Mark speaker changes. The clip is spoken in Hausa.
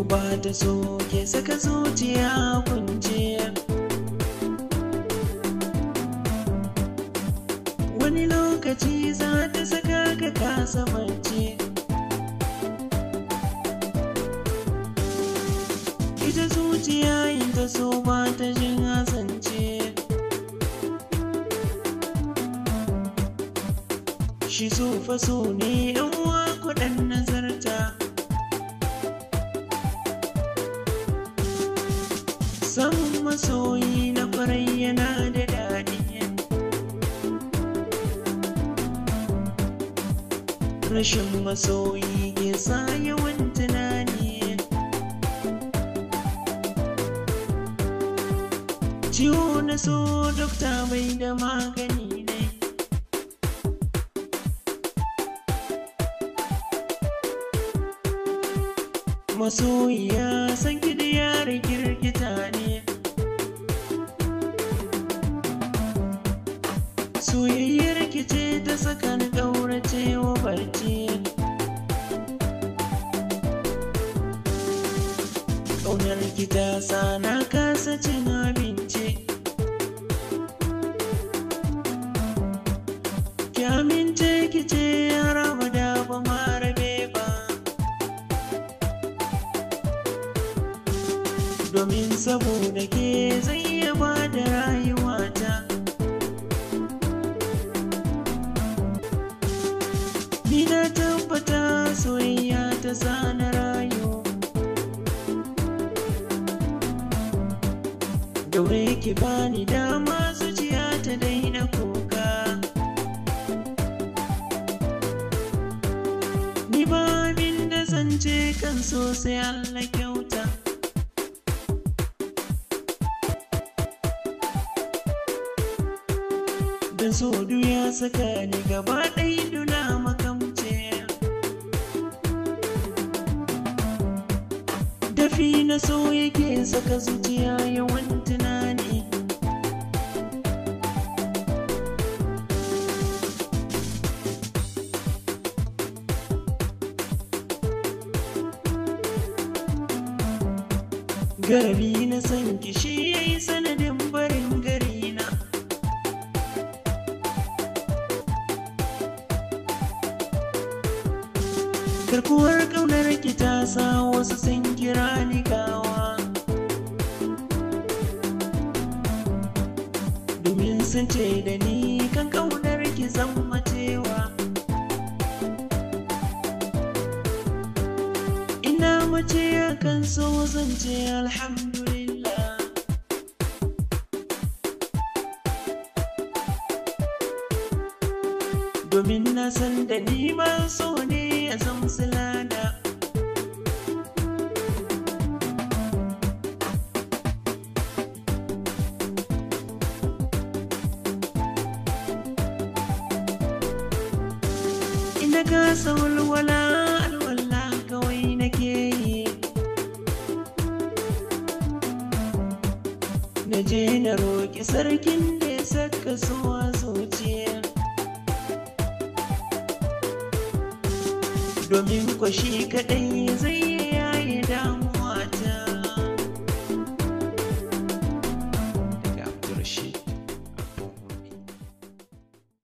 Speaker 1: ku ba ta so ke saka zuciya kunce wani lokaci za ta saka ka kasa mace ita zuciya in ta so ba ta jin hasance shi so so ne yan uwa kuɗin nazari samun masoyi na farai yana da daɗi rashin masoyi ke sa yawan tunani ciwo na so dokta bai da magani ne masoyi ya san gidi ya rike mafarki ƙaunar gida sana na kasa cin abinci ki amince ki ce yara ba da ba ba domin saboda ke zai yaba ki bani dama zuciya ta daina kuka ni ba min da zance kan sosai Allah kyauta da sodu ya saka ni gaba ɗaya nuna makamce tafi na so yake saka zuciya yawan tuna gari na san kishi ya yayi sanadin barin garina. Karkuwar kaunar ki ta sa wasu sun kira ni gawa Domin sun ce da ni kan kaunar ki zan matewa wace ya kan so zance domin na san da ni so ne ya zamsulana Ina ka walwala je na roƙi sarkin da ya saka suwa zuciya domin kwashi kaɗai zai